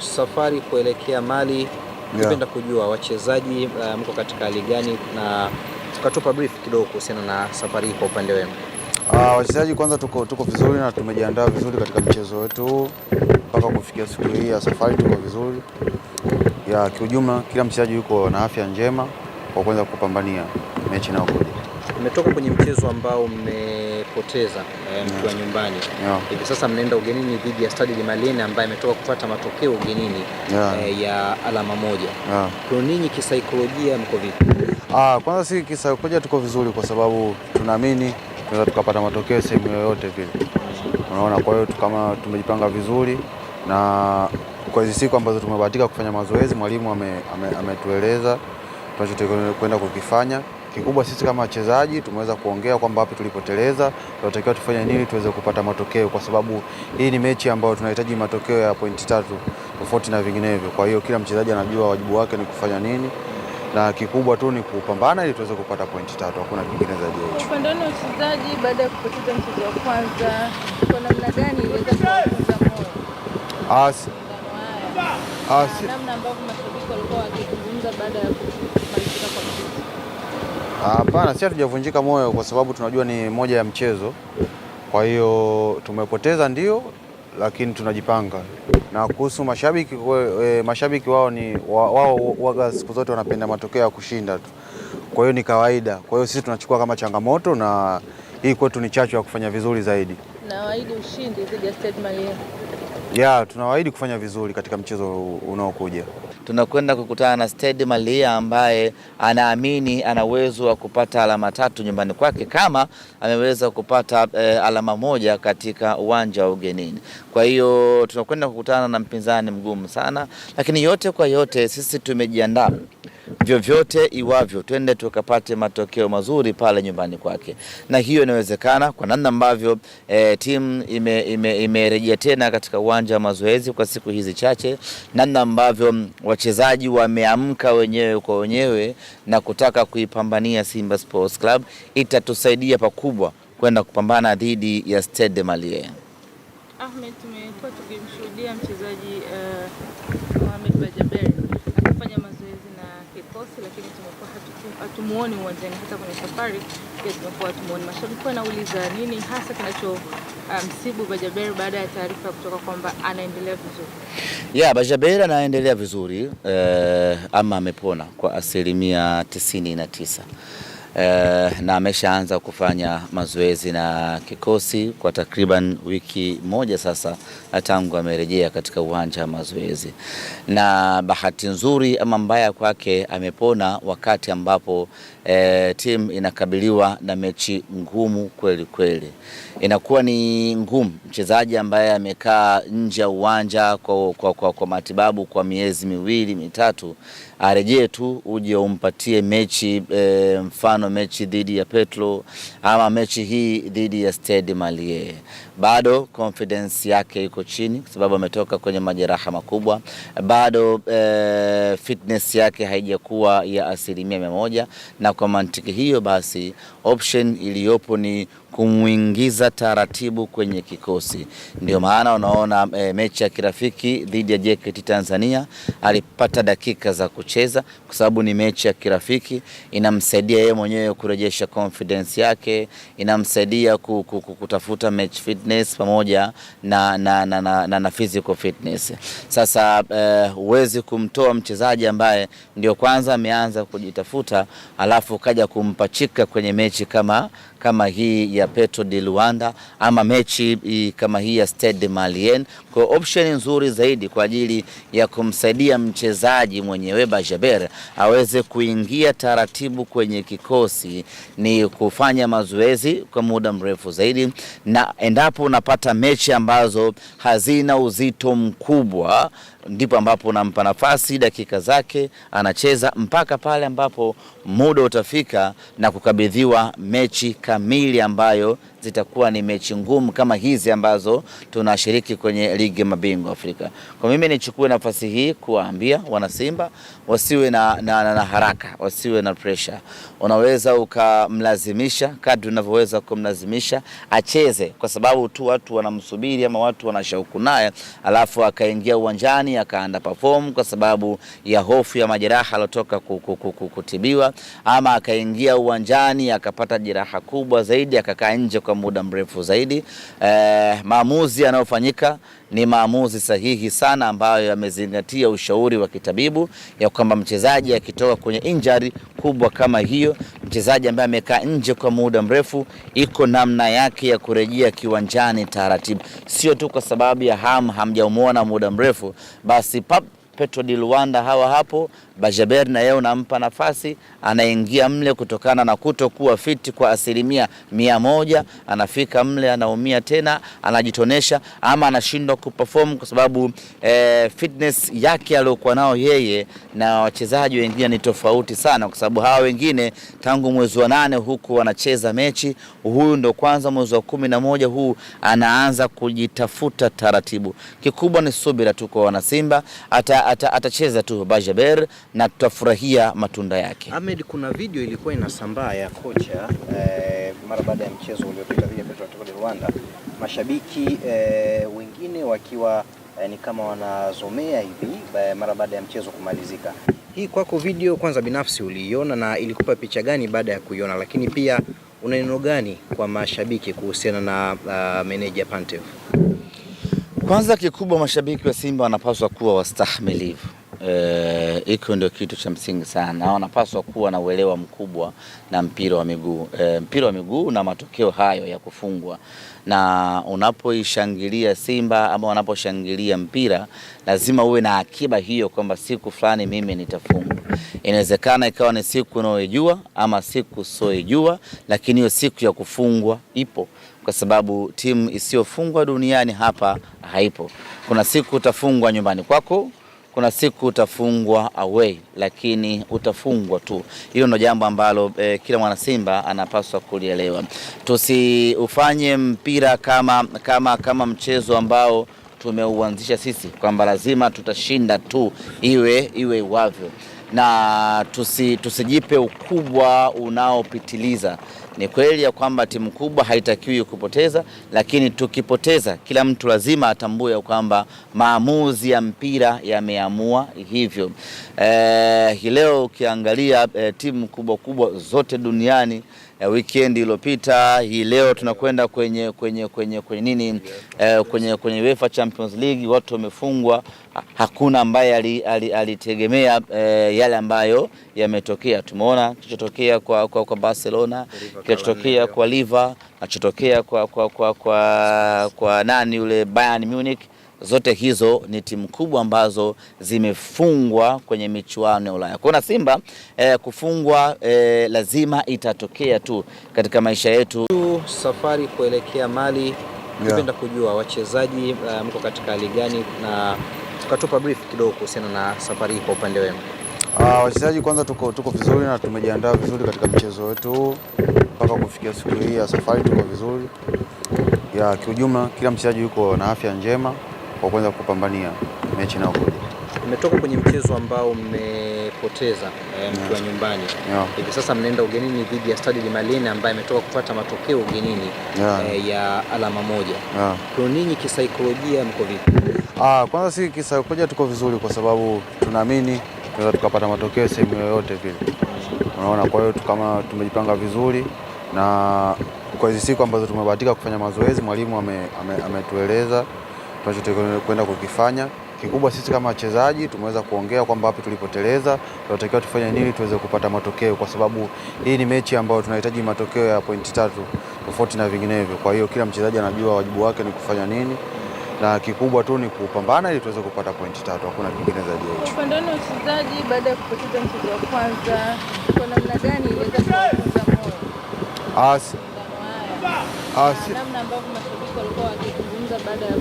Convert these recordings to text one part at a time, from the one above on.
safari kuelekea Mali, yeah. yeah, kujua wachezaji uh, mko katika hali gani, na tukatupa brief kidogo kuhusiana na safari hii kwa upande wenu. Uh, wachezaji kwanza, tuko, tuko vizuri na tumejiandaa vizuri katika mchezo wetu huu mpaka kufikia siku hii ya safari, tuko vizuri ya kiujumla, kila mchezaji yuko na afya njema kwa kwanza kupambania mechi inayokuja. Mmetoka kwenye mchezo ambao mme mliopoteza eh, mkiwa nyumbani hivi yeah. sasa mnaenda ugenini dhidi ya Stade Malien ambaye ametoka kupata matokeo ugenini yeah. eh, ya alama moja yeah. Kwa ninyi kisaikolojia mko vipi? Ah, kwanza si kisaikolojia tuko vizuri kwa sababu tunaamini tunaweza tukapata matokeo sehemu yoyote vile, unaona. Kwa hiyo kama tumejipanga vizuri na kwa hizi siku ambazo tumebahatika kufanya mazoezi, mwalimu ametueleza ame, ame tunachotakiwa kwenda kukifanya Kikubwa sisi kama wachezaji tumeweza kuongea kwamba wapi tulipoteleza, tunatakiwa tufanye nini tuweze kupata matokeo, kwa sababu hii ni mechi ambayo tunahitaji matokeo ya pointi tatu tofauti na vinginevyo. Kwa hiyo kila mchezaji anajua wajibu wake ni kufanya nini, na kikubwa tu ni kupambana ili tuweze kupata pointi tatu, hakuna kingine zaidi ya hicho. wachezaji, baada ya kupoteza mchezo wa kwanza, kwa namna gani iliweza kuwafunza moyo? As ah, As ah, namna ambavyo mashabiki walikuwa wakizungumza baada ya kumalizika kwa mchezo Hapana, si hatujavunjika moyo kwa sababu tunajua ni moja ya mchezo. Kwa hiyo tumepoteza ndio, lakini tunajipanga. Na kuhusu mashabiki e, mashabiki wao ni wao waga siku zote wanapenda matokeo ya kushinda tu, kwa hiyo ni kawaida. Kwa hiyo sisi tunachukua kama changamoto, na hii kwetu ni chachu ya kufanya vizuri zaidi. Nawaahidi ushindi dhidi ya Stade Malien ya tunawaahidi kufanya vizuri katika mchezo unaokuja. Tunakwenda kukutana na Stade Malia ambaye anaamini ana uwezo wa kupata alama tatu nyumbani kwake kama ameweza kupata e, alama moja katika uwanja wa ugenini. Kwa hiyo tunakwenda kukutana na mpinzani mgumu sana, lakini yote kwa yote sisi tumejiandaa vyovyote iwavyo, twende tukapate matokeo mazuri pale nyumbani kwake, na hiyo inawezekana kwa namna ambavyo e, eh, timu imerejea ime, ime tena katika uwanja wa mazoezi kwa siku hizi chache, namna ambavyo wachezaji wameamka wenyewe kwa wenyewe na kutaka kuipambania Simba Sports Club itatusaidia pakubwa kwenda kupambana dhidi ya Stade Malien. Ahmed, tumekuwa tukimshuhudia mchezaji hatumuoni uwanjani, hata kwenye safari pia tumekuwa hatumuoni. Mashabiki wanauliza nini hasa kinacho msibu um, Bajaber baada ya taarifa kutoka kwamba anaendelea vizuri. Yeah, Bajaber anaendelea vizuri eh, ama amepona kwa asilimia tisini na tisa eh, na ameshaanza kufanya mazoezi na kikosi kwa takriban wiki moja sasa tangu amerejea katika uwanja wa mazoezi, na bahati nzuri ama mbaya kwake amepona wakati ambapo eh, timu inakabiliwa na mechi ngumu kweli kweli. Inakuwa ni ngumu mchezaji ambaye amekaa nje ya uwanja kwa, kwa, kwa, kwa matibabu kwa miezi miwili mitatu arejee tu uje umpatie mechi e, mfano mechi dhidi ya Petro ama mechi hii dhidi ya Stade Malie. Bado confidence yake iko chini kwa sababu ametoka kwenye majeraha makubwa, bado e, fitness yake haijakuwa ya asilimia mia moja, na kwa mantiki hiyo basi option iliyopo ni kumwingiza taratibu kwenye kikosi. Ndio maana unaona e, mechi ya kirafiki dhidi ya JKT Tanzania alipata dakika za kucheza, kwa sababu ni mechi ya kirafiki. Inamsaidia yeye mwenyewe kurejesha confidence yake, inamsaidia kutafuta match fitness pamoja na, na, na, na, na, na physical fitness. Sasa eh, huwezi e, kumtoa mchezaji ambaye ndio kwanza ameanza kujitafuta alafu ukaja kumpachika kwenye mechi kama kama hii ya Petro de Luanda ama mechi kama hii ya Stade Malien, kwa option nzuri zaidi kwa ajili ya kumsaidia mchezaji mwenye Weba Jaber aweze kuingia taratibu kwenye kikosi, ni kufanya mazoezi kwa muda mrefu zaidi, na endapo unapata mechi ambazo hazina uzito mkubwa ndipo ambapo unampa nafasi dakika zake, anacheza mpaka pale ambapo muda utafika na kukabidhiwa mechi kamili ambayo zitakuwa ni mechi ngumu kama hizi ambazo tunashiriki kwenye ligi ya mabingwa Afrika. Kwa mimi nichukue nafasi hii kuwaambia wanasimba wasiwe na, na, na, na haraka, wasiwe na pressure. Unaweza ukamlazimisha kadri unavyoweza kumlazimisha acheze, kwa sababu tu watu wanamsubiri ama watu wanashauku naye, alafu akaingia uwanjani nyumbani akaanda perform kwa sababu ya hofu ya majeraha aliotoka kutibiwa, ama akaingia uwanjani akapata jeraha kubwa zaidi akakaa nje kwa muda mrefu zaidi. Eh, maamuzi yanayofanyika ni maamuzi sahihi sana ambayo yamezingatia ushauri wa kitabibu ya kwamba mchezaji akitoka kwenye injari kubwa kama hiyo, mchezaji ambaye amekaa nje kwa muda mrefu, iko namna yake ya kurejea kiwanjani taratibu, sio tu kwa sababu ya ham hamjamuona muda mrefu basi pap Petro di Luanda hawa hapo. Bajaber na yeye unampa nafasi, anaingia mle kutokana na kutokuwa fiti kwa asilimia mia moja, anafika mle anaumia tena, anajitonesha ama anashindwa kuperform kwa sababu eh, fitness yake aliyokuwa nao yeye na wachezaji wengine ni tofauti sana, kwa sababu hawa wengine tangu mwezi wa nane huku wanacheza mechi, huyu ndo kwanza mwezi wa kumi na moja huu anaanza kujitafuta taratibu. Kikubwa ni subira tu kwa Wanasimba ata ata, atacheza tu Bajaber na tutafurahia matunda yake. Ahmed, kuna video ilikuwa inasambaa ya kocha eh, mara baada ya mchezo uliopita dhidi ya Petro Rwanda, mashabiki eh, wengine wakiwa eh, ni kama wanazomea hivi eh, mara baada ya mchezo kumalizika. Hii kwako video kwanza, binafsi uliiona na ilikupa picha gani baada ya kuiona, lakini pia una neno gani kwa mashabiki kuhusiana na uh, meneja Pantev? Kwanza kikubwa, mashabiki wa Simba wanapaswa kuwa wastahimilivu hiko eh, e, ndio kitu cha msingi sana, na wanapaswa kuwa na uelewa mkubwa na mpira wa miguu e, mpira wa miguu na matokeo hayo ya kufungwa. Na unapoishangilia Simba ama wanaposhangilia mpira, lazima uwe na akiba hiyo kwamba siku fulani mimi nitafungwa. Inawezekana ikawa ni siku unaoijua ama siku usioijua, lakini hiyo siku ya kufungwa ipo kwa sababu timu isiyofungwa duniani hapa haipo. Kuna siku utafungwa nyumbani kwako, kuna siku utafungwa away, lakini utafungwa tu. Hilo ndio jambo ambalo e, kila mwana Simba anapaswa kulielewa. Tusiufanye mpira kama, kama, kama mchezo ambao tumeuanzisha sisi kwamba lazima tutashinda tu, iwe iwe iwavyo, na tusi, tusijipe ukubwa unaopitiliza ni kweli ya kwamba timu kubwa haitakiwi kupoteza, lakini tukipoteza, kila mtu lazima atambue kwamba maamuzi ya mpira yameamua hivyo. Eh, leo ukiangalia eh, timu kubwa kubwa zote duniani eh, weekend iliyopita. Hii leo tunakwenda kwenye kwenye kwenye kwenye nini eh, kwenye kwenye UEFA Champions League, watu wamefungwa, hakuna ambaye alitegemea ali, ali eh, yale ambayo yametokea. Tumeona kilichotokea kwa, kwa, kwa Barcelona, kilichotokea kwa Liverpool, nachotokea kwa, kwa, kwa, kwa, kwa nani yule Bayern Munich zote hizo ni timu kubwa ambazo zimefungwa kwenye michuano ya Ulaya. Kuna Simba eh, kufungwa eh, lazima itatokea tu katika maisha yetu. Safari kuelekea Mali, napenda kujua wachezaji uh, mko katika hali gani, na tukatupa brief kidogo kuhusiana na safari hii kwa upande wenu. Uh, wachezaji kwanza, tuko, tuko vizuri na tumejiandaa vizuri katika mchezo wetu mpaka kufikia siku hii ya safari, tuko vizuri ya kiujumla, kila mchezaji yuko na afya njema kwa kwanza kupambania mechi inayokuja. Mmetoka kwenye mchezo ambao mmepoteza e, mkiwa yeah. nyumbani hivi yeah. Sasa mnaenda ugenini dhidi ya Stade Malien ambaye ametoka kupata matokeo ugenini yeah. eh, ya alama moja yeah. Kwa ninyi kisaikolojia mko vipi? Ah, kwanza si kisaikolojia tuko vizuri kwa sababu tunaamini tunaweza tukapata matokeo sehemu yoyote vile, unaona. Kwa hiyo kama tumejipanga vizuri na kwa hizi siku ambazo tumebahatika kufanya mazoezi, mwalimu ametueleza ame, ame tunachotakiwa kwenda kukifanya. Kikubwa sisi kama wachezaji tumeweza kuongea kwamba wapi tulipoteleza, tunatakiwa tufanye nini tuweze kupata matokeo, kwa sababu hii ni mechi ambayo tunahitaji matokeo ya pointi tatu tofauti na vinginevyo. Kwa hiyo kila mchezaji anajua wajibu wake ni kufanya nini, na kikubwa tu ni kupambana ili tuweze kupata pointi tatu, hakuna kingine zaidi ya hicho. Upande wa wachezaji, baada ya kupoteza mchezo wa kwanza, kwa namna gani iliweza moyo? namna ambavyo mashabiki walikuwa wakizungumza baada ya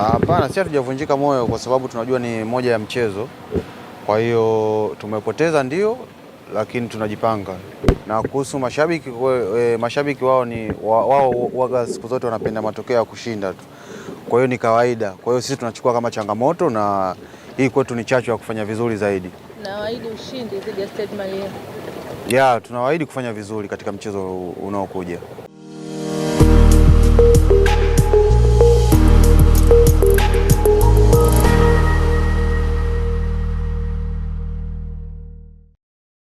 Hapana, si hatujavunjika moyo kwa sababu tunajua ni moja ya mchezo. Kwa hiyo tumepoteza ndio, lakini tunajipanga. Na kuhusu mashabiki e, mashabiki wao ni wao waga siku zote wanapenda matokeo ya kushinda tu, kwa hiyo ni kawaida. Kwa hiyo sisi tunachukua kama changamoto, na hii kwetu ni chachu ya kufanya vizuri zaidi. Nawaahidi ushindi, ya tunawaahidi kufanya vizuri katika mchezo unaokuja.